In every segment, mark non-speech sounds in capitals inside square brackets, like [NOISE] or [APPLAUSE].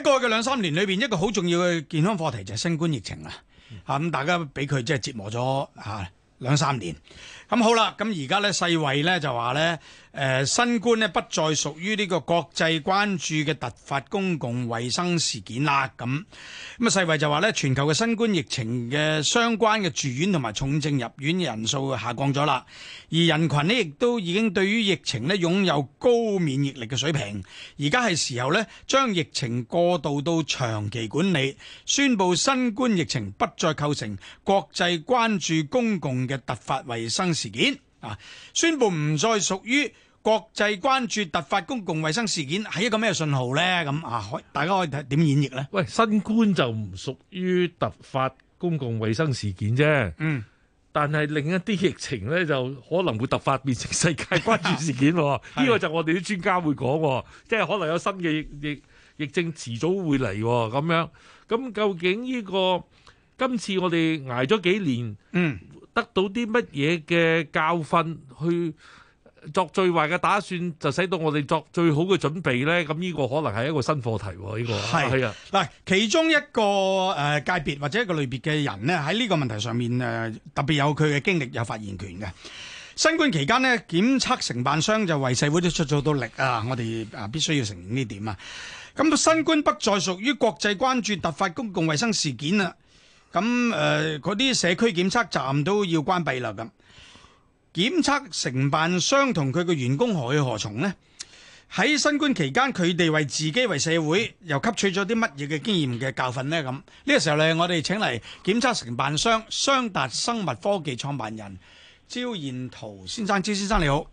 在過去嘅兩三年裏邊，一個好重要嘅健康課題就係新冠疫情啦，吓咁大家俾佢即係折磨咗吓。兩三年，咁好啦，咁而家呢世衛呢就話呢，誒、呃，新冠呢不再屬於呢個國際關注嘅突發公共衛生事件啦，咁，咁啊世衛就話呢，全球嘅新冠疫情嘅相關嘅住院同埋重症入院嘅人數下降咗啦，而人群呢亦都已經對於疫情呢擁有高免疫力嘅水平，而家係時候呢，將疫情過渡到長期管理，宣佈新冠疫情不再構成國際關注公共嘅突發衛生事件啊，宣布唔再屬於國際關注突發公共衛生事件，係一個咩信號呢？咁啊，可大家可以睇點演繹呢？喂，新冠就唔屬於突發公共衛生事件啫。嗯，但係另一啲疫情呢，就可能會突發變成世界關注事件。呢 [LAUGHS] 個就我哋啲專家會講，是即係可能有新嘅疫疫疫症遲早會嚟咁、哦、樣。咁究竟呢、這個今次我哋挨咗幾年？嗯。得到啲乜嘢嘅教訓去作最壞嘅打算，就使到我哋作最好嘅準備呢。咁呢個可能係一個新課題喎。呢個係啊，嗱、這個，是啊啊、其中一個、呃、界別或者一個類別嘅人呢，喺呢個問題上面、呃、特別有佢嘅經歷，有發言權嘅。新冠期間呢，檢測承辦商就為社會都出咗好多力啊。我哋啊必須要承認呢點啊。咁到新冠不再屬於國際關注突發公共衛生事件啊。咁誒，嗰啲、呃、社區檢測站都要關閉啦。咁檢測承辦商同佢嘅員工何去何從呢？喺新冠期間，佢哋為自己為社會又吸取咗啲乜嘢嘅經驗嘅教訓呢？咁呢、這個時候咧，我哋請嚟檢測承辦商相達生物科技創辦人招彥燾先生，招先生你好，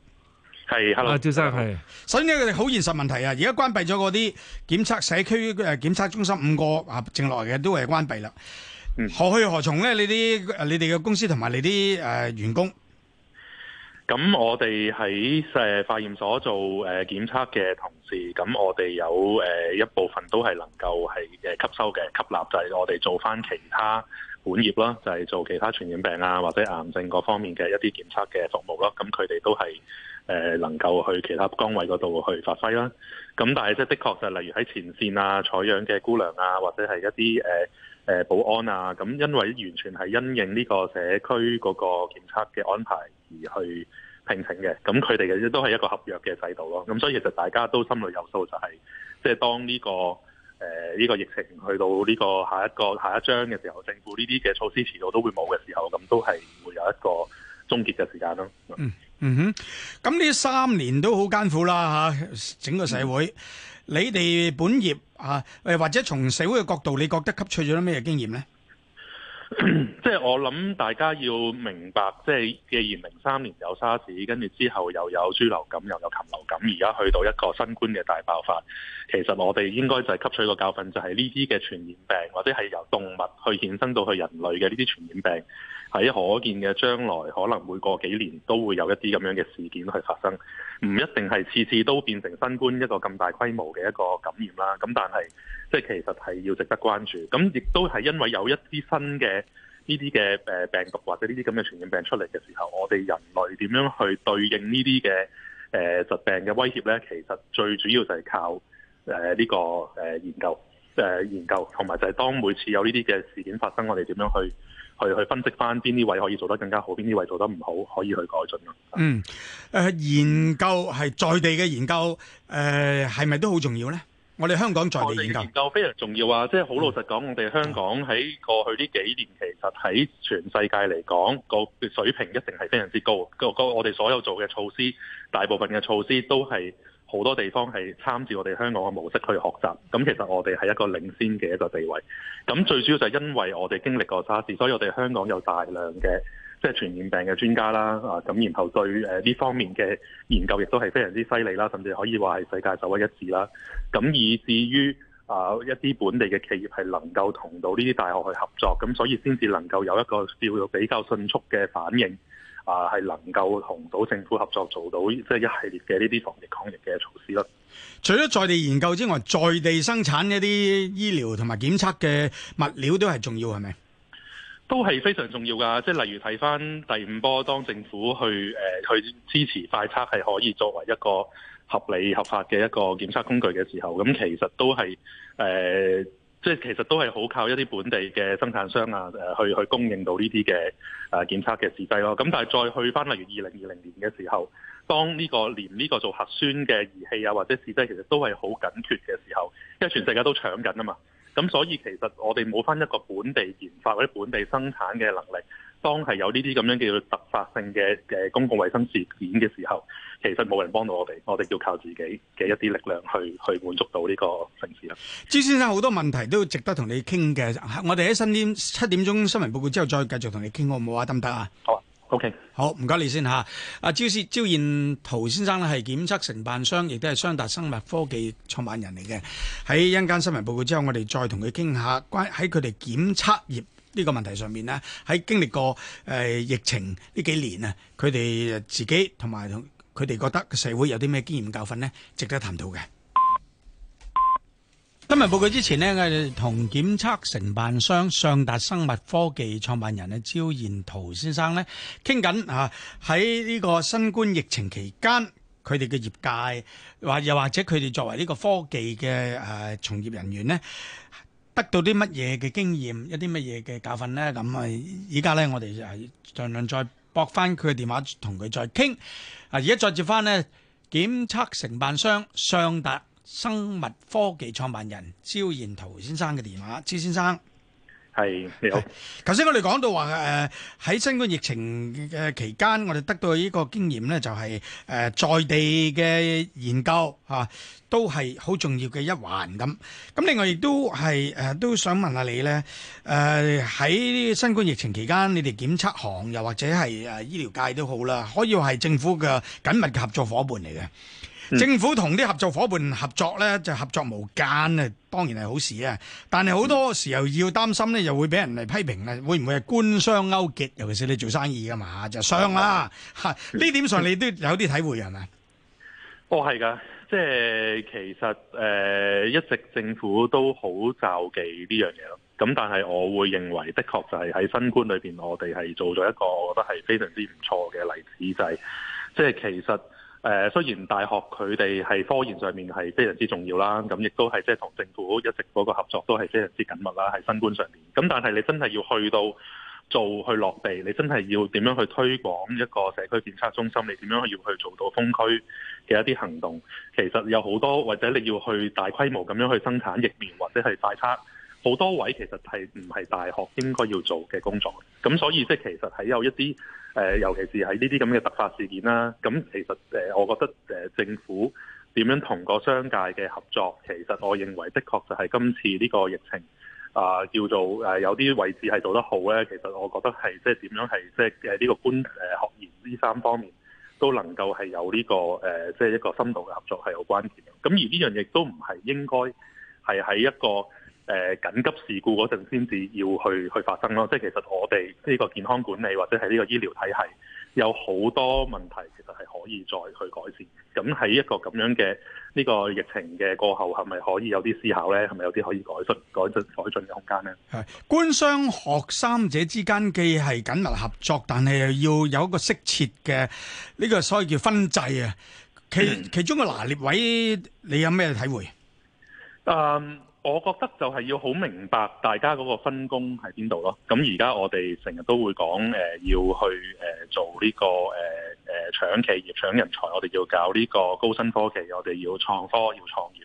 係，Hello，招先生係。首先呢，佢哋好現實問題啊！而家關閉咗嗰啲檢測社區檢測中心五個啊，剩落嚟嘅都係關閉啦。何去何從呢？你啲你哋嘅公司同埋你啲誒員工？咁、呃呃呃呃、我哋喺誒化驗所做誒檢測嘅同事，咁我哋有誒一部分都係能夠係誒吸收嘅吸納，就係、是、我哋做翻其他管業啦，就係、是、做其他傳染病啊或者癌症各方面嘅一啲檢測嘅服務啦、啊。咁佢哋都係誒、呃、能夠去其他崗位嗰度去發揮啦、啊。咁但係即係的確就係例如喺前線啊採樣嘅姑娘啊，或者係一啲誒。呃誒保安啊，咁因為完全係因應呢個社區嗰個檢測嘅安排而去聘請嘅，咁佢哋嘅都係一個合約嘅制度咯。咁所以其實大家都心裏有數、就係，就係即係當呢、呢個誒呢、呃呢個疫情去到呢個下一個下一章嘅時候，政府呢啲嘅措施遲早都會冇嘅時候，咁都係會有一個終結嘅時間咯。嗯嗯哼，咁呢三年都好艱苦啦吓，整個社會，嗯、你哋本業啊，誒或者從社會嘅角度，你覺得吸取咗啲咩經驗呢？即係我諗大家要明白，即係既然零三年有沙士，跟住之後又有豬流感，又有禽流感，而家去到一個新冠嘅大爆發，其實我哋應該就係吸取個教訓，就係呢啲嘅傳染病或者係由動物去衍生到去人類嘅呢啲傳染病。喺可見嘅將來，可能每過幾年都會有一啲咁樣嘅事件去發生，唔一定係次次都變成新冠一個咁大規模嘅一個感染啦。咁但係即係其實係要值得關注。咁亦都係因為有一啲新嘅呢啲嘅病毒或者呢啲咁嘅傳染病出嚟嘅時候，我哋人類點樣去對應呢啲嘅誒疾病嘅威脅呢？其實最主要就係靠誒呢個誒研究誒研究，同埋就係當每次有呢啲嘅事件發生，我哋點樣去去去分析翻邊啲位可以做得更加好，邊啲位做得唔好，可以去改進啦。嗯、呃，研究係在地嘅研究，誒係咪都好重要呢？我哋香港在地研究，研究非常重要啊！即係好老實講，嗯、我哋香港喺過去呢幾年，其實喺全世界嚟講，個水平一定係非常之高。個我哋所有做嘅措施，大部分嘅措施都係。好多地方係參照我哋香港嘅模式去學習，咁其實我哋係一個領先嘅一個地位。咁最主要就係因為我哋經歷過沙士，所以我哋香港有大量嘅即係傳染病嘅專家啦，啊咁，然後對誒呢方面嘅研究亦都係非常之犀利啦，甚至可以話係世界首屈一指啦。咁以至於啊，一啲本地嘅企業係能夠同到呢啲大學去合作，咁所以先至能夠有一個叫做比較迅速嘅反應。啊，係能夠同到政府合作做到即係一系列嘅呢啲防疫抗疫嘅措施啦。除咗在地研究之外，在地生產一啲醫療同埋檢測嘅物料都係重要，係咪？都係非常重要㗎，即係例如睇返第五波，當政府去誒、呃、去支持快測，係可以作為一個合理合法嘅一個檢測工具嘅時候，咁其實都係誒。呃即係其實都係好靠一啲本地嘅生產商啊，誒去去供應到呢啲嘅誒檢測嘅試劑咯，咁但係再去翻例如二零二零年嘅時候，當呢個連呢個做核酸嘅儀器啊或者試劑其實都係好緊缺嘅時候，因為全世界都搶緊啊嘛，咁所以其實我哋冇翻一個本地研發或者本地生產嘅能力，當係有呢啲咁樣叫做突發性嘅嘅公共衞生事件嘅時候。其實冇人幫到我哋，我哋要靠自己嘅一啲力量去去滿足到呢個城市啦。招先生好多問題都值得同你傾嘅，我哋喺七點、七點鐘新聞報告之後再繼續同你傾好唔好啊？得唔得啊？好，OK，好，唔該你先嚇。阿招先招彥燾先生咧係檢測承辦商，亦都係相達生物科技創辦人嚟嘅。喺一間新聞報告之後，我哋再同佢傾下關喺佢哋檢測業呢個問題上面呢，喺經歷過、呃、疫情呢幾年啊，佢哋自己同埋同。佢哋覺得社會有啲咩經驗教訓咧，值得談到嘅。今日報告之前咧，我哋同檢測承辦商相達生物科技創辦人啊招彥燾先生咧傾緊啊，喺呢個新冠疫情期間，佢哋嘅業界或又或者佢哋作為呢個科技嘅誒從業人員咧，得到啲乜嘢嘅經驗，一啲乜嘢嘅教訓咧？咁啊，依家咧我哋就係盡量再。撥翻佢嘅電話同佢再傾，啊！而家再接翻呢，檢測承辦商相達生物科技創辦人招彥燾先生嘅電話，招先生。係，你好，頭先我哋講到話誒，喺新冠疫情嘅期間，我哋得到呢個經驗咧，就係誒，在地嘅研究吓都係好重要嘅一環咁。咁另外亦都係誒，都想問下你咧，誒喺新冠疫情期間，你哋檢測行又或者係誒醫療界都好啦，可以話係政府嘅緊密嘅合作夥伴嚟嘅。嗯、政府同啲合作伙伴合作呢，就合作無間，當然係好事啊。但係好多時候要擔心呢，又會俾人嚟批評，呢會唔會係官商勾結，尤其是你做生意噶嘛，就商啦。呢、嗯、點上你都有啲體會，係咪、嗯？吧哦，係噶，即係其實，誒、呃，一直政府都好罩忌呢樣嘢咯。咁但係我會認為的確就係喺新冠裏邊，我哋係做咗一個我覺得係非常之唔錯嘅例子，就係、是、即係其實。誒，雖然大學佢哋係科研上面係非常之重要啦，咁亦都係即係同政府一直嗰個合作都係非常之緊密啦，喺新冠上面。咁但係你真係要去到做去落地，你真係要點樣去推廣一個社區檢測中心？你點樣要去做到封區嘅一啲行動？其實有好多或者你要去大規模咁樣去生產疫苗或者係快測，好多位其實係唔係大學應該要做嘅工作，咁所以即係其實係有一啲誒，尤其是喺呢啲咁嘅突發事件啦。咁其實誒，我覺得誒政府點樣同個商界嘅合作，其實我認為的確就係今次呢個疫情啊，叫做誒有啲位置係做得好咧。其實我覺得係即係點樣係即係誒呢個官誒學研呢三方面都能夠係有呢個誒即係一個深度嘅合作係有關鍵嘅。咁而呢樣亦都唔係應該係喺一個。誒緊急事故嗰陣先至要去去發生咯，即係其實我哋呢個健康管理或者係呢個醫療體係有好多問題，其實係可以再去改善。咁喺一個咁樣嘅呢個疫情嘅過後，係咪可以有啲思考呢？係咪有啲可以改進、改進、改進嘅空間呢？係官商學三者之間既係緊密合作，但係又要有一個適切嘅呢、呢個，所謂叫分際啊。其、嗯、其中嘅拿捏位，你有咩體會？嗯。我覺得就係要好明白大家嗰個分工喺邊度咯。咁而家我哋成日都會講誒，要去誒做呢個誒誒搶企業、搶人才，我哋要搞呢個高新科技，我哋要創科、要創業。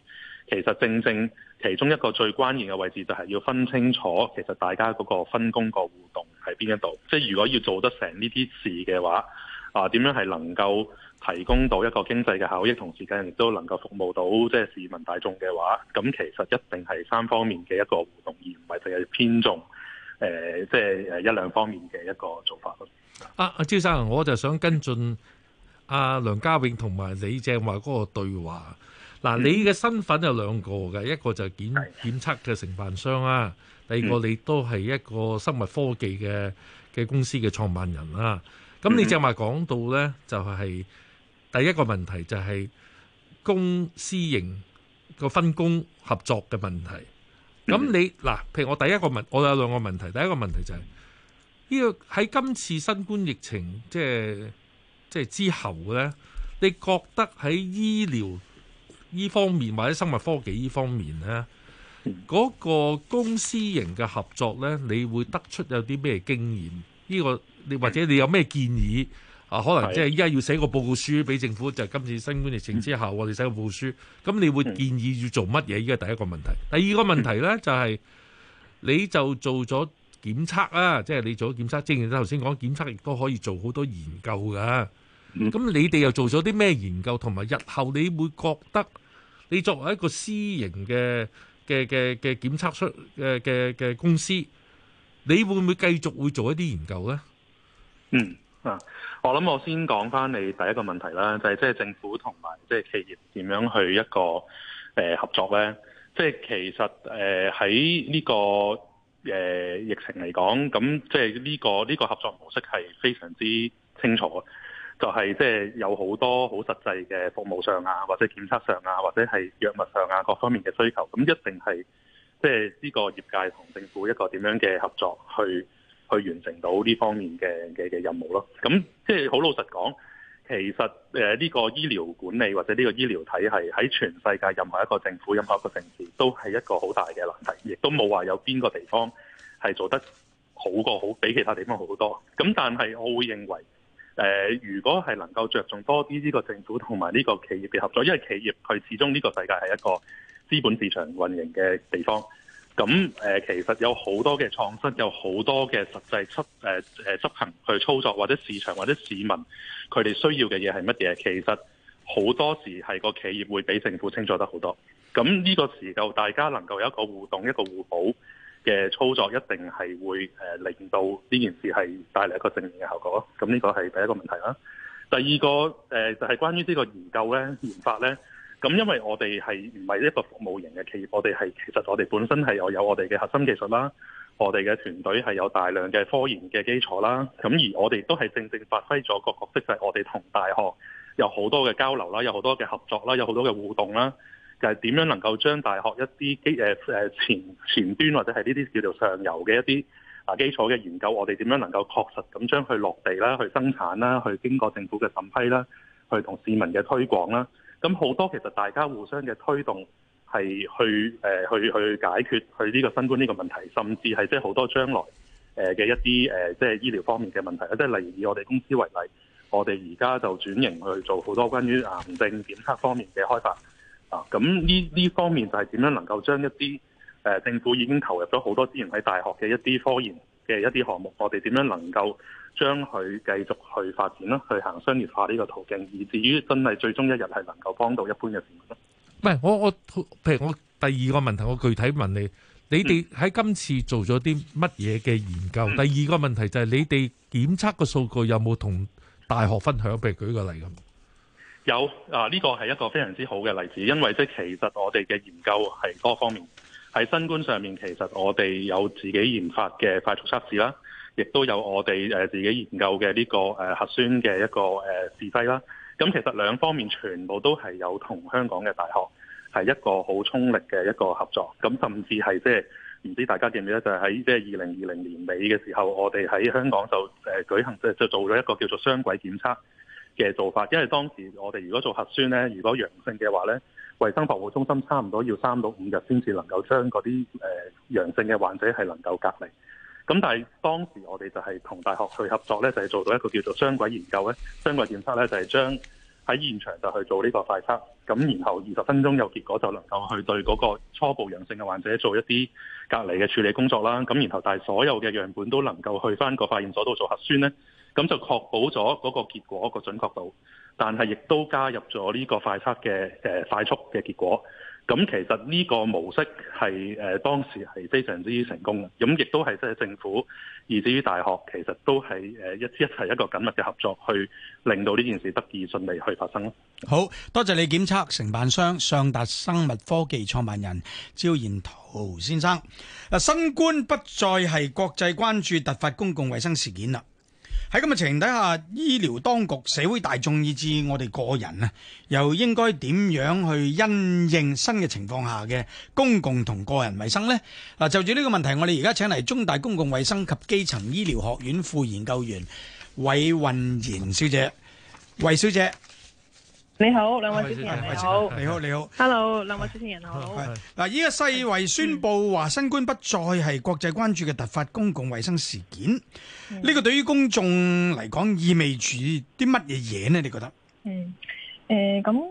其實正正其中一個最關鍵嘅位置，就係要分清楚其實大家嗰個分工個互動喺邊一度。即係如果要做得成呢啲事嘅話。啊，點樣係能夠提供到一個經濟嘅效益，同時間亦都能夠服務到即係市民大眾嘅話，咁其實一定係三方面嘅一個互動，而唔係淨係偏重誒，即係誒一兩方面嘅一個做法咯。阿阿招生，我就想跟進阿梁家永同埋李正華嗰個對話。嗱、啊，你嘅身份有兩個嘅，嗯、一個就檢檢測嘅承辦商啦、啊，第二個你都係一個生物科技嘅嘅公司嘅創辦人啦、啊。咁你只咪講到呢，就係、是、第一個問題就係公私營個分工合作嘅問題。咁你嗱，譬如我第一個問，我有兩個問題。第一個問題就係、是、呢、這個喺今次新冠疫情，即係即係之後呢，你覺得喺醫療呢方面或者生物科技呢方面呢，嗰、那個公私營嘅合作呢，你會得出有啲咩經驗？呢個你或者你有咩建議啊？可能即係依家要寫個報告書俾政府，就今次新冠疫情之後我哋寫個報告書。咁你會建議要做乜嘢？依個第一個問題。第二個問題呢，就係你就做咗檢測啦，即係你做咗檢測。正如你頭先講，檢測亦都可以做好多研究㗎。咁你哋又做咗啲咩研究？同埋日後你會覺得你作為一個私營嘅嘅嘅嘅檢測出嘅嘅嘅公司？你會唔會繼續會做一啲研究呢？嗯啊，我諗我先講翻你第一個問題啦，就係即係政府同埋即係企業點樣去一個誒合作呢？即係其實誒喺呢個誒疫情嚟講，咁即係呢個呢個合作模式係非常之清楚，就係即係有好多好實際嘅服務上啊，或者檢測上啊，或者係藥物上啊，各方面嘅需求，咁一定係。即係呢個業界同政府一個點樣嘅合作去，去去完成到呢方面嘅嘅嘅任務咯。咁即係好老實講，其實誒呢、呃呢個醫療管理或者呢個醫療體系喺全世界任何一個政府、任何一個城市，都係一個好大嘅難題，亦都冇話有邊個地方係做得好過好，比其他地方好好多。咁但係我會認為，呃、如果係能夠著重多啲呢個政府同埋呢個企業嘅合作，因為企業佢始終呢個世界係一個，資本市場運營嘅地方，咁誒、呃、其實有好多嘅創新，有好多嘅實際執誒誒、呃、執行去操作，或者市場或者市民佢哋需要嘅嘢係乜嘢？其實好多時係個企業會比政府清楚得好多。咁呢個時候，大家能夠有一個互動、一個互補嘅操作，一定係會誒、呃、令到呢件事係帶嚟一個正面嘅效果。咁呢個係第一個問題啦。第二個誒、呃、就係、是、關於呢個研究咧、研發咧。咁因為我哋係唔係一個服務型嘅企業，我哋係其實我哋本身係有有我哋嘅核心技術啦，我哋嘅團隊係有大量嘅科研嘅基礎啦。咁而我哋都係正正發揮咗個角色，就係我哋同大學有好多嘅交流啦，有好多嘅合作啦，有好多嘅互動啦。就係、是、點樣能夠將大學一啲基誒誒前前端或者係呢啲叫做上游嘅一啲啊基礎嘅研究，我哋點樣能夠確實咁將佢落地啦，去生產啦，去經過政府嘅審批啦，去同市民嘅推廣啦。咁好多其實大家互相嘅推動係去誒、呃、去去解決去呢個新冠呢個問題，甚至係即係好多將來誒嘅一啲誒即係醫療方面嘅問題啊。即係例如以我哋公司為例，我哋而家就轉型去做好多關於癌症檢測方面嘅開發啊。咁呢呢方面就係點樣能夠將一啲誒、呃、政府已經投入咗好多資源喺大學嘅一啲科研嘅一啲項目，我哋點樣能夠將佢繼續去發展啦，去行商業化呢個途徑，以至於真係最終一日係能夠幫到一般嘅市民。唔係，我我譬如我第二個問題，我具體問你，你哋喺今次做咗啲乜嘢嘅研究？嗯，第二個問題就係你哋檢測嘅數據有冇同大學分享？譬如舉個例咁。有啊，呢個係一個非常之好嘅例子，因為即係其實我哋嘅研究係多方面，喺新冠上面，其實我哋有自己研發嘅快速測試啦。亦都有我哋自己研究嘅呢個核酸嘅一個誒試劑啦。咁其實兩方面全部都係有同香港嘅大學係一個好衝力嘅一個合作。咁甚至係即係唔知大家記唔記得，就係喺即係二零二零年尾嘅時候，我哋喺香港就舉行即係就做咗一個叫做雙軌檢測嘅做法。因為當時我哋如果做核酸咧，如果陽性嘅話咧，衛生防護中心差唔多要三到五日先至能夠將嗰啲誒陽性嘅患者係能夠隔離。咁但係當時我哋就係同大學去合作咧，就係做到一個叫做雙軌研究咧，雙軌檢測咧，就係將喺現場就去做呢個快測，咁然後二十分鐘有結果，就能夠去對嗰個初步陽性嘅患者做一啲隔離嘅處理工作啦。咁然後但係所有嘅樣本都能夠去翻個化驗所度做核酸咧，咁就確保咗嗰個結果個準確度，但係亦都加入咗呢個快測嘅誒快速嘅結果。咁其實呢個模式係誒當時係非常之成功嘅，咁亦都係即係政府，以至於大學其實都係誒一一齊一個緊密嘅合作，去令到呢件事得以順利去發生咯。好多謝你檢測承辦商相達生物科技創辦人招彥燾先生。啊，新冠不再係國際關注突發公共衛生事件啦。喺咁嘅情底下，醫療當局、社會大眾以至我哋個人咧，又應該點樣去因應新嘅情況下嘅公共同個人衞生呢？嗱，就住呢個問題，我哋而家請嚟中大公共衛生及基層醫療學院副研究員衛藴姸小姐，衛小姐。你好，兩位主持人你好，你好，你好你好，Hello，兩位主持人好。嗱，依 [NOISE] 家 [NOISE] 世衛宣佈話新冠不再係國際關注嘅突發公共衛生事件，呢 [NOISE] 個對於公眾嚟講意味住啲乜嘢嘢呢？你覺得？嗯，誒、呃，咁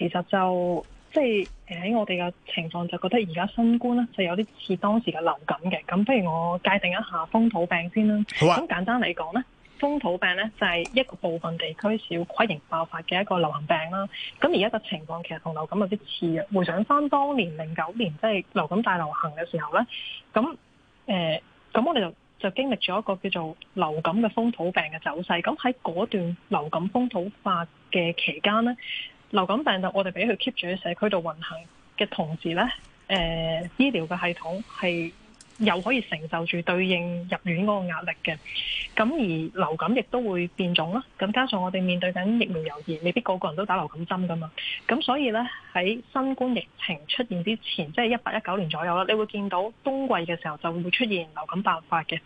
其實就即係喺我哋嘅情況就覺得而家新冠咧就有啲似當時嘅流感嘅，咁不如我界定一下風土病先啦。好啊，咁簡單嚟講咧。風土病咧，就係、是、一個部分地區小規型爆發嘅一個流行病啦。咁而家個情況其實同流感有啲似啊。回想返當年零九年即係、就是、流感大流行嘅時候咧，咁咁、呃、我哋就就經歷咗一個叫做流感嘅風土病嘅走勢。咁喺嗰段流感風土化嘅期間咧，流感病毒我哋俾佢 keep 住喺社區度運行嘅同時咧，誒、呃、醫療嘅系統係。又可以承受住對應入院嗰個壓力嘅，咁而流感亦都會變種啦。咁加上我哋面對緊疫苗猶豫，未必個個人都打流感針㗎嘛。咁所以呢，喺新冠疫情出現之前，即係一八一九年左右啦，你會見到冬季嘅時候就會出現流感爆發嘅。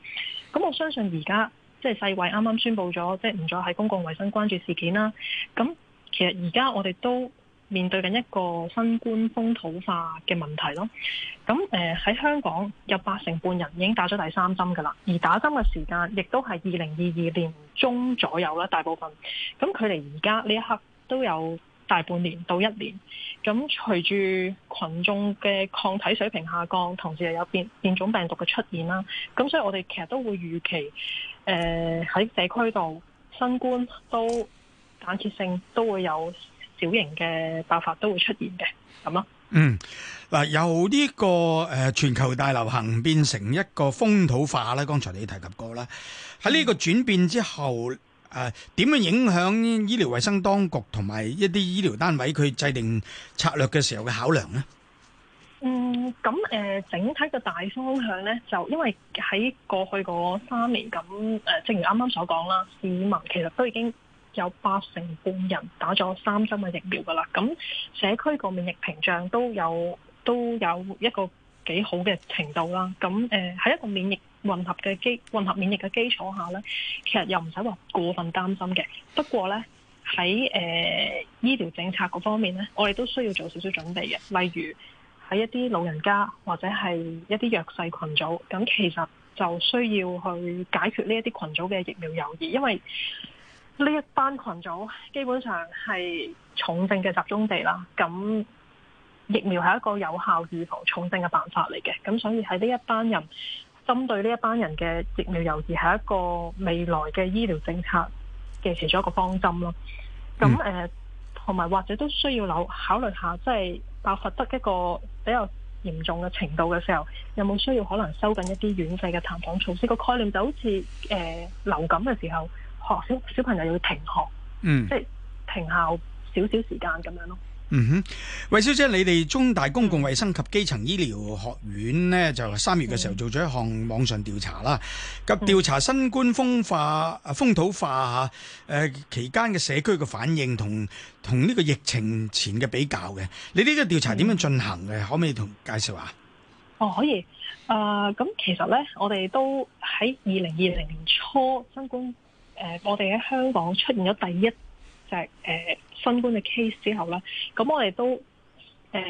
咁我相信而家即係世衞啱啱宣布咗，即係唔再喺公共衛生關注事件啦。咁其實而家我哋都。面對緊一個新冠風土化嘅問題咯，咁誒喺香港有八成半人已經打咗第三針噶啦，而打針嘅時間亦都係二零二二年中左右啦，大部分，咁距離而家呢一刻都有大半年到一年，咁隨住群眾嘅抗體水平下降，同時又有變變種病毒嘅出現啦，咁所以我哋其實都會預期誒喺、呃、社區度新冠都間歇性都會有。小型嘅爆發都會出現嘅，咁咯。嗯，嗱，由呢個誒全球大流行變成一個風土化咧，剛才你提及過啦。喺呢個轉變之後，誒、呃、點樣影響醫療衞生當局同埋一啲醫療單位佢制定策略嘅時候嘅考量呢？嗯，咁、嗯、誒、呃，整體嘅大方向咧，就因為喺過去嗰三年咁，誒、呃，正如啱啱所講啦，市民其實都已經。有八成半人打咗三針嘅疫苗㗎喇，咁社區個免疫屏障都有都有一個幾好嘅程度啦。咁誒喺一個免疫混合嘅基混合免疫嘅基礎下呢，其實又唔使話過分擔心嘅。不過呢，喺誒、呃、醫療政策嗰方面呢，我哋都需要做少少準備嘅。例如喺一啲老人家或者係一啲弱勢群組，咁其實就需要去解決呢一啲群組嘅疫苗猶疑，因為呢一班群，群組基本上係重症嘅集中地啦，咁疫苗係一個有效預防重症嘅辦法嚟嘅，咁所以喺呢一班人，針對呢一班人嘅疫苗猶豫係一個未來嘅醫療政策嘅其中一個方針咯。咁誒，同埋、嗯呃、或者都需要留考考慮下，即係爆發得一個比較嚴重嘅程度嘅時候，有冇需要可能收緊一啲遠地嘅探訪措施？個概念就好似誒、呃、流感嘅時候。學小小朋友要停學，嗯，即係停校少少時間咁樣咯。嗯哼，衛小姐，你哋中大公共衛生及基層醫療學院呢，就三月嘅時候做咗一項網上調查啦。咁調、嗯、查新冠風化、風土化吓，誒期間嘅社區嘅反應同同呢個疫情前嘅比較嘅，你呢個調查點樣進行嘅？嗯、可唔可以同介紹下？哦，可以。誒、呃，咁其實呢，我哋都喺二零二零年初新冠。誒、呃，我哋喺香港出現咗第一隻誒、呃、新冠嘅 case 之後咧，咁我哋都誒誒、呃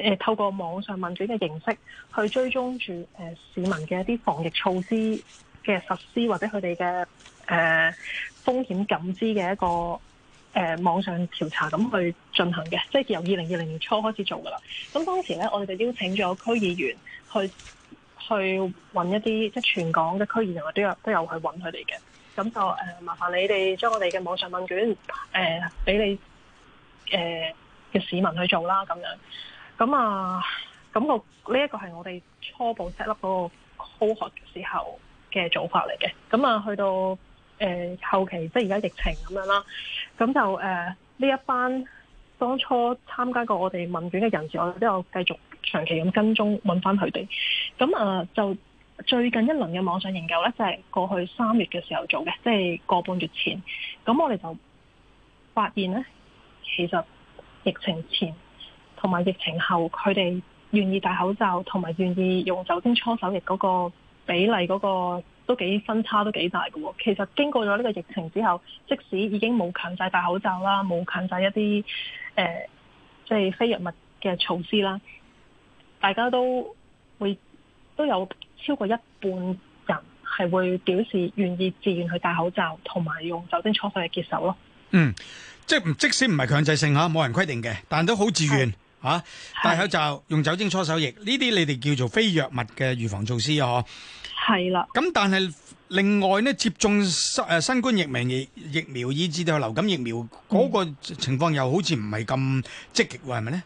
呃、透過網上問卷嘅形式去追蹤住誒市民嘅一啲防疫措施嘅實施，或者佢哋嘅誒風險感知嘅一個誒、呃、網上調查咁去進行嘅，即、就、係、是、由二零二零年初開始做㗎啦。咁當時咧，我哋就邀請咗區議員去去揾一啲即係全港嘅區議員，我都有都有去揾佢哋嘅。咁就、呃、麻煩你哋將我哋嘅網上問卷誒俾、呃、你誒嘅、呃、市民去做啦，咁樣。咁啊，咁、咁個呢一、呢個係我哋初步 set up 嗰個 cohort 嘅時候嘅做法嚟嘅。咁啊，去到誒、呃、後期，即係而家疫情咁樣啦。咁就誒呢、呃、一班當初參加過我哋問卷嘅人士，我哋都有繼續長期咁跟蹤問翻佢哋。咁啊、呃、就。最近一輪嘅網上研究呢，就係過去三月嘅時候做嘅，即係個半月前。咁我哋就發現呢，其實疫情前同埋疫情後，佢哋願意戴口罩同埋願意用酒精搓手液嗰個比例，嗰個都幾分差，都幾大嘅。其實經過咗呢個疫情之後，即使已經冇強制戴口罩啦，冇強制一啲誒即係非藥物嘅措施啦，大家都會都有。超過一半人係會表示願意自願去戴口罩，同埋用酒精搓手液潔手咯。嗯，即係即使唔係強制性吓，冇人規定嘅，但都好自願吓的、啊。戴口罩、用酒精搓手液，呢啲你哋叫做非藥物嘅預防措施啊？嗬的，係啦、嗯。咁但係另外呢，接種新誒新冠疫苗疫苗，以至到流感疫苗嗰、嗯、個情況，又好似唔係咁積極，係咪呢？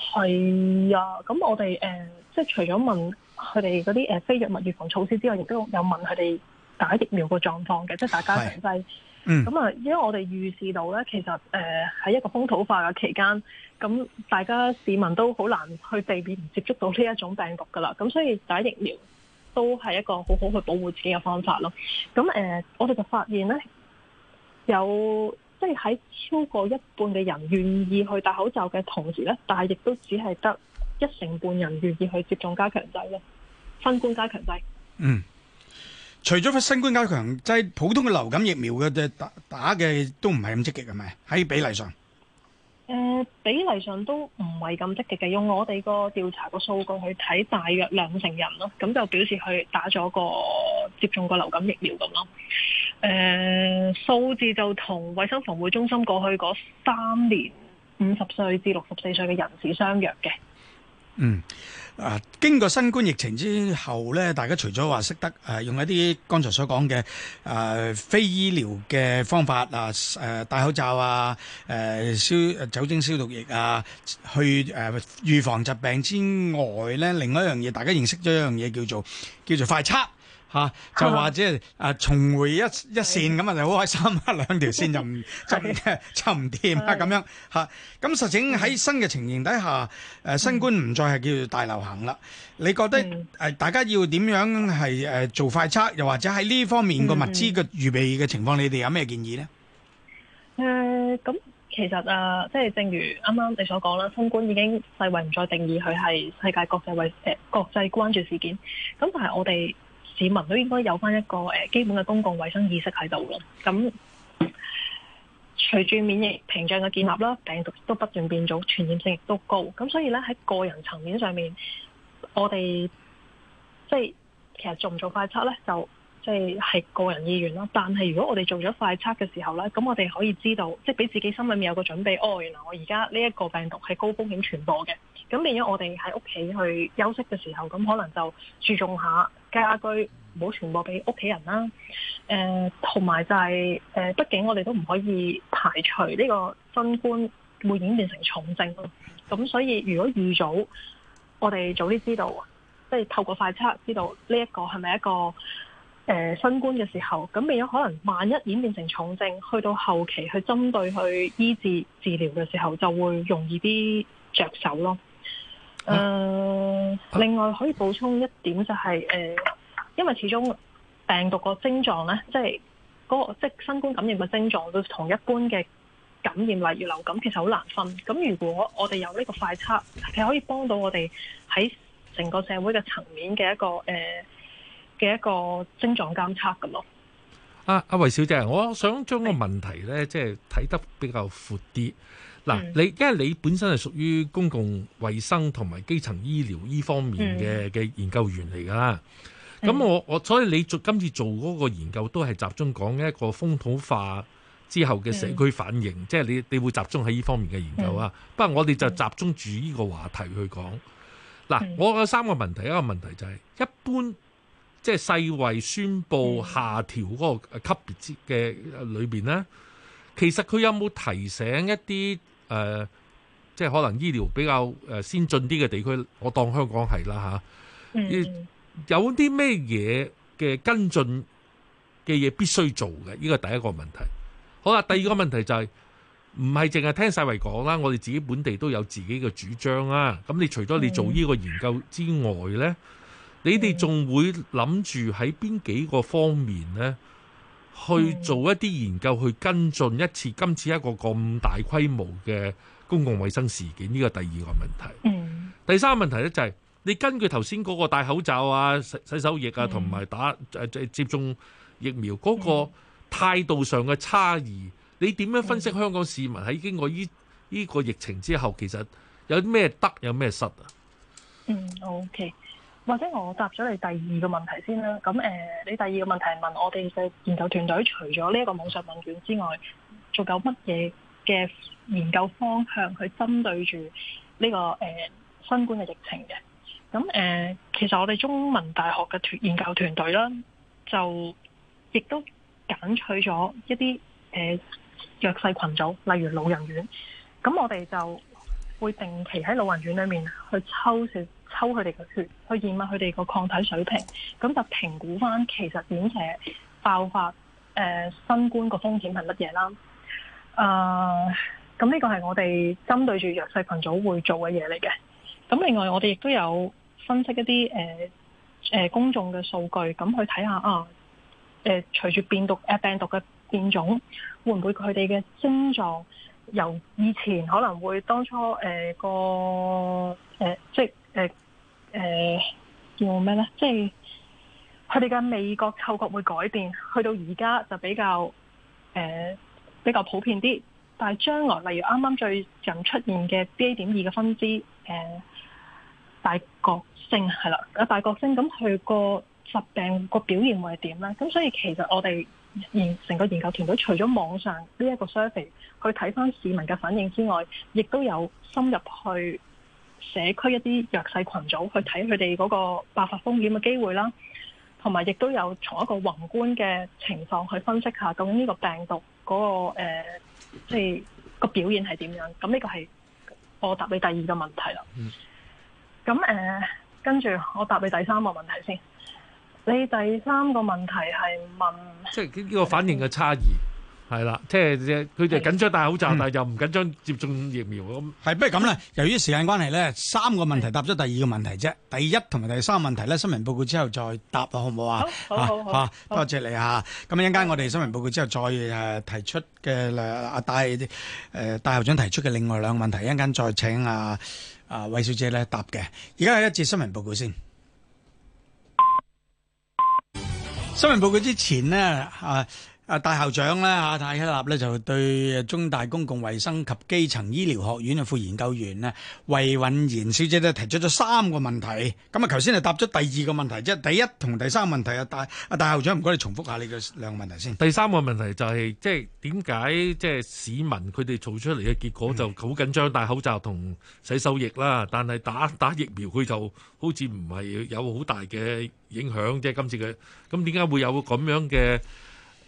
係啊，咁我哋誒、呃，即係除咗問佢哋嗰啲誒非藥物預防措施之外，亦都有問佢哋打疫苗個狀況嘅，即係大家控制。嗯。咁啊，因為我哋預示到咧，其實誒喺、呃、一個風土化嘅期間，咁大家市民都好難去避免接觸到呢一種病毒噶啦，咁所以打疫苗都係一個好好去保護自己嘅方法咯。咁誒、呃，我哋就發現咧有。即係喺超過一半嘅人願意去戴口罩嘅同時呢，但係亦都只係得一成半人願意去接種加強劑嘅、嗯、新冠加強劑。嗯，除咗個新冠加強劑，普通嘅流感疫苗嘅打打嘅都唔係咁積極嘅，咪喺比例上，誒、呃、比例上都唔係咁積極嘅。用我哋個調查個數個數據去睇，大約兩成人咯，咁就表示佢打咗個接種個流感疫苗咁咯。誒，數字就同衛生防護中心過去嗰三年五十歲至六十四歲嘅人士相約嘅。嗯，啊，經過新冠疫情之後呢，大家除咗話識得誒、啊、用一啲剛才所講嘅誒非醫療嘅方法啊誒、啊、戴口罩啊誒、啊、消啊酒精消毒液啊去誒、啊、預防疾病之外呢，另外一樣嘢大家認識咗一樣嘢叫做叫做快測。吓、啊，就或者係誒、啊，重回一一線咁啊，的就好開心。兩條線就唔 [LAUGHS] 的就唔掂啦，咁的樣吓。咁、啊、實情喺新嘅情形底下，誒、啊，新冠唔再係叫做大流行啦。嗯、你覺得誒、啊，大家要點樣係誒、啊、做快測，又或者喺呢方面個物資嘅預備嘅情況，嗯嗯你哋有咩建議呢？誒、呃，咁、嗯、其實誒、啊，即、就、係、是、正如啱啱你所講啦，新冠已經世衛唔再定義佢係世界國際為國際關注事件。咁但係我哋。市民都應該有翻一個誒基本嘅公共衛生意識喺度咯，咁隨住免疫屏障嘅建立啦，病毒都不斷變種，傳染性亦都高，咁所以咧喺個人層面上面，我哋即係其實做唔做快測咧就。即係係個人意願啦，但係如果我哋做咗快測嘅時候呢，咁我哋可以知道，即係俾自己心裏面有個準備。哦，原來我而家呢一個病毒係高風險傳播嘅。咁，變咗我哋喺屋企去休息嘅時候，咁可能就注重下家居，唔好傳播畀屋企人啦。誒、呃，同埋就係、是、誒、呃，畢竟我哋都唔可以排除呢個新冠會演變成重症咯。咁所以，如果預早，我哋早啲知道，即、就、係、是、透過快測知道呢一個係咪一個。誒新冠嘅時候，咁未有可能萬一演變成重症，去到後期去針對去醫治治療嘅時候，就會容易啲着手咯。誒、呃，啊、另外可以補充一點就係、是、誒、呃，因為始終病毒個症狀呢、就係嗰個症狀咧，即係嗰個即係新冠感染嘅症狀，都同一般嘅感染例如流感其實好難分。咁如果我哋有呢個快測，係可以幫到我哋喺成個社會嘅層面嘅一個誒、呃嘅一個症狀監測㗎咯，啊啊，衛、啊、小姐，我想將個問題呢，即係睇得比較闊啲。嗱、啊，嗯、你因為你本身係屬於公共衞生同埋基層醫療呢方面嘅嘅、嗯、研究員嚟㗎啦，咁我我、嗯、所以你做今次做嗰個研究都係集中講一個風土化之後嘅社區反應，即係、嗯、你你會集中喺呢方面嘅研究啊。嗯、不過我哋就集中住呢個話題去講。嗱、啊，嗯、我有三個問題，一個問題就係、是、一般。即係世衛宣佈下調個級別嘅裏邊呢，其實佢有冇提醒一啲誒，即係可能醫療比較誒先進啲嘅地區，我當香港係啦吓、啊，有啲咩嘢嘅跟進嘅嘢必須做嘅，呢個第一個問題。好啦，第二個問題就係唔係淨係聽世衛講啦，我哋自己本地都有自己嘅主張啦。咁你除咗你做呢個研究之外呢。你哋仲會諗住喺邊幾個方面呢去做一啲研究，去跟進一次、嗯、今次一個咁大規模嘅公共衛生事件呢，呢個第二個問題。嗯、第三個問題呢，就係，就係你根據頭先嗰個戴口罩啊、洗洗手液啊，同埋、嗯、打、啊、接種疫苗嗰、嗰個態度上嘅差異，嗯、你點樣分析香港市民喺經過呢呢個疫情之後，其實有咩得有咩失啊？嗯，OK。或者我答咗你第二個問題先啦。咁、呃、你第二個問題問我哋嘅研究團隊，除咗呢一個網上問卷之外，仲有乜嘢嘅研究方向去針對住呢、這個、呃、新冠嘅疫情嘅？咁、呃、其實我哋中文大學嘅研究團隊啦，就亦都揀取咗一啲誒、呃、弱勢群組，例如老人院。咁我哋就會定期喺老人院裏面去抽血。抽佢哋嘅血去驗下佢哋個抗體水平，咁就評估返其實點解爆發誒、呃、新冠個風險係乜嘢啦。啊、呃，咁呢個係我哋針對住弱勢群組會做嘅嘢嚟嘅。咁另外我哋亦都有分析一啲誒誒公眾嘅數據，咁去睇下啊誒、呃、隨住變毒誒病毒嘅、呃、變種，會唔會佢哋嘅症狀由以前可能會當初誒、呃、個誒、呃、即係誒？呃誒，叫咩咧？即係佢哋嘅味覺、嗅覺會改變，去到而家就比較誒、呃、比較普遍啲。但係將來，例如啱啱最近出現嘅 B A 點二嘅分支，誒大角星係啦，大角星，咁佢個疾病個表現會係點咧？咁所以其實我哋研成個研究團隊，除咗網上呢一個 survey 去睇翻市民嘅反應之外，亦都有深入去。社區一啲弱勢群組去睇佢哋嗰個爆發風險嘅機會啦，同埋亦都有從一個宏觀嘅情況去分析下究竟呢個病毒嗰、嗰個誒、呃，即係個表現係點樣？咁呢個係我答你第二個問題啦。咁誒、跟、呃、住我答你第三個問題先。你第三個問題係問即係呢個反應嘅差異。係啦，即係佢哋緊張戴口罩，但係又唔緊張接種疫苗咁。係，不如咁啦。由於時間關係呢，三個問題答咗第二個問題啫。第一同埋第三個問題呢，新聞報告之後再答啦，好唔好？好，好，好啊？好好好。多謝你啊。咁一陣間我哋新聞報告之後再誒、呃、提出嘅誒阿戴誒戴校長提出嘅另外兩個問題，一陣間再請阿、啊、阿、呃、衛小姐咧答嘅。而家係一節新聞報告先。新聞報告之前呢。啊、呃。啊！大校長咧嚇，太克立咧就對中大公共衛生及基層醫療學院嘅副研究員呢，衛藴姸小姐咧提出咗三個問題。咁啊，頭先係答咗第二個問題，即係第一同第三個問題啊。大啊，大校長唔該，你重複下你嘅兩個問題先。第三個問題就係、是、即係點解即係市民佢哋做出嚟嘅結果就好緊張、嗯、戴口罩同洗手液啦，但係打打疫苗佢就好似唔係有好大嘅影響啫。即係今次嘅咁點解會有咁樣嘅？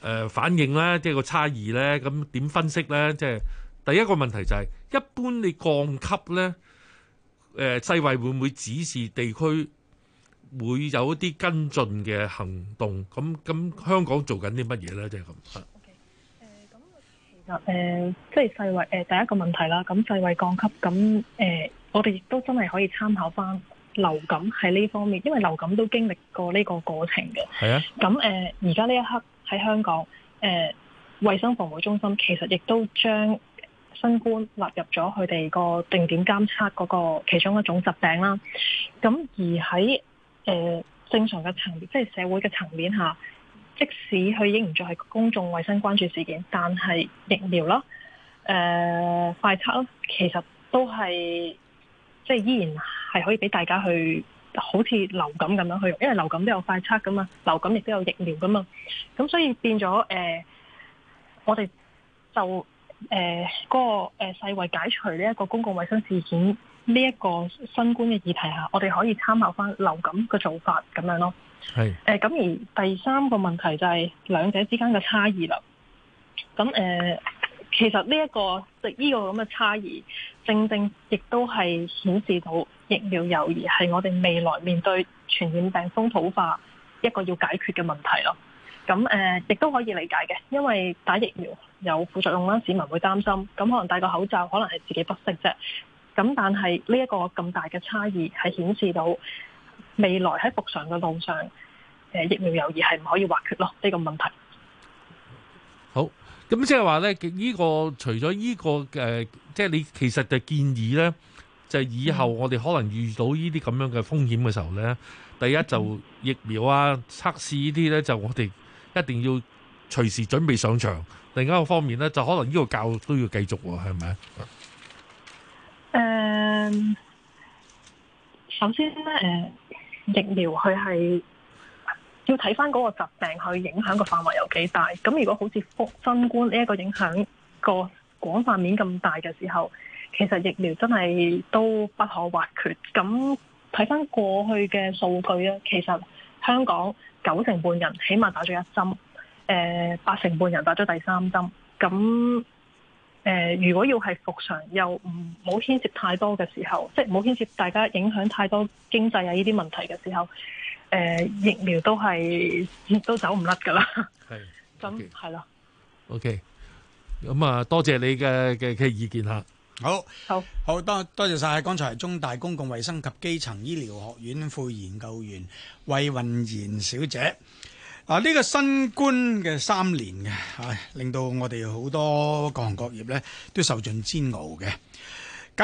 誒反應咧，即係個差異咧，咁點分析咧？即係第一個問題就係，一般你降級咧，誒世衞會唔會指示地區會有一啲跟進嘅行動？咁咁香港做緊啲乜嘢咧？即係咁。誒咁其實誒，即係世衞誒第一個問題啦。咁世衞降級，咁誒、呃、我哋亦都真係可以參考返流感喺呢方面，因為流感都經歷過呢個過程嘅。係啊。咁誒而家呢一刻。喺香港，誒、呃，衛生防護中心其實亦都將新冠納入咗佢哋個定點監測嗰個其中一種疾病啦。咁而喺誒、呃、正常嘅層面，即係社會嘅層面下，即使佢已經唔再係公眾衞生關注事件，但係疫苗啦、誒、呃、快測咯，其實都係即係依然係可以俾大家去好似流感咁樣去用，因為流感都有快測噶嘛，流感亦都有疫苗噶嘛，咁所以變咗誒、呃，我哋就誒、呃那個誒世衛解除呢一個公共衛生事件呢一個新冠嘅議題下，我哋可以參考返流感嘅做法咁樣咯。係誒是，咁而第三個問題就係兩者之間嘅差異啦。咁誒。呃其實呢、這、一個食呢、就是、個咁嘅差異，正正亦都係顯示到疫苗猶疑係我哋未來面對傳染病風土化一個要解決嘅問題咯。咁誒，亦都可以理解嘅，因為打疫苗有副作用啦，市民會擔心。咁可能戴個口罩，可能係自己不適啫。咁但係呢一個咁大嘅差異，係顯示到未來喺復常嘅路上、呃，疫苗猶疑係唔可以劃缺咯呢個問題。咁即係話咧，呢、這個除咗呢、這個誒、呃，即係你其實就建議咧，就是、以後我哋可能遇到呢啲咁樣嘅風險嘅時候咧，第一就疫苗啊測試些呢啲咧，就我哋一定要隨時準備上場。另一個方面咧，就可能呢個教育都要繼續，係咪啊？誒、呃，首先咧，誒、呃，疫苗佢係。要睇翻嗰個疾病去影響個範圍有幾大，咁如果好似復新冠呢一個影響個廣泛面咁大嘅時候，其實疫苗真係都不可或缺。咁睇翻過去嘅數據啊，其實香港九成半人起碼打咗一針，呃，八成半人打咗第三針。咁、呃、如果要係復常又唔好牽涉太多嘅時候，即係唔好牽涉大家影響太多經濟啊呢啲問題嘅時候。誒、呃、疫苗都係都走唔甩㗎啦，係咁係咯。OK，咁啊多謝你嘅嘅嘅意見嚇。好好好，多多謝晒。剛才中大公共衛生及基層醫療學院副研究員衛藴姸小姐。啊，呢、這個新冠嘅三年嘅嚇、哎，令到我哋好多各行各業咧都受盡煎熬嘅。